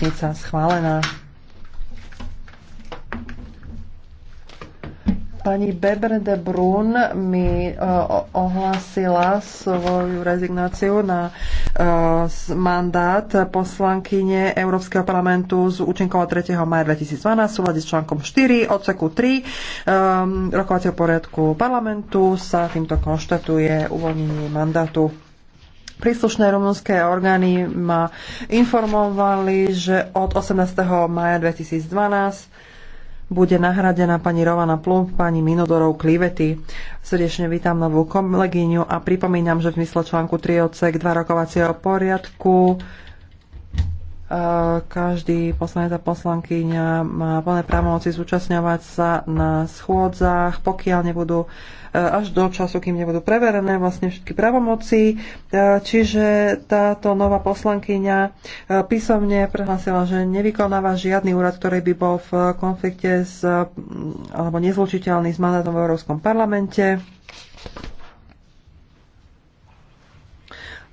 zápisnica schválená. Pani Beber de Brun mi e, ohlásila svoju rezignáciu na e, mandát poslankyne Európskeho parlamentu z účinkova 3. maja 2012 v súlade s článkom 4 odseku 3 e, rokovacieho poriadku parlamentu sa týmto konštatuje uvoľnenie mandátu. Príslušné rumunské orgány ma informovali, že od 18. maja 2012 bude nahradená pani Rovana Plum, pani Minodorov Klivety. Srdečne vítam novú kolegyňu a pripomínam, že v mysle článku 3 odsek 2 rokovacieho poriadku každý poslanec a poslankyňa má plné právomoci zúčastňovať sa na schôdzach, pokiaľ nebudú e, až do času, kým nebudú preverené vlastne všetky pravomoci. E, čiže táto nová poslankyňa e, písomne prehlásila, že nevykonáva žiadny úrad, ktorý by bol v konflikte s, alebo nezlučiteľný s mandátom v Európskom parlamente.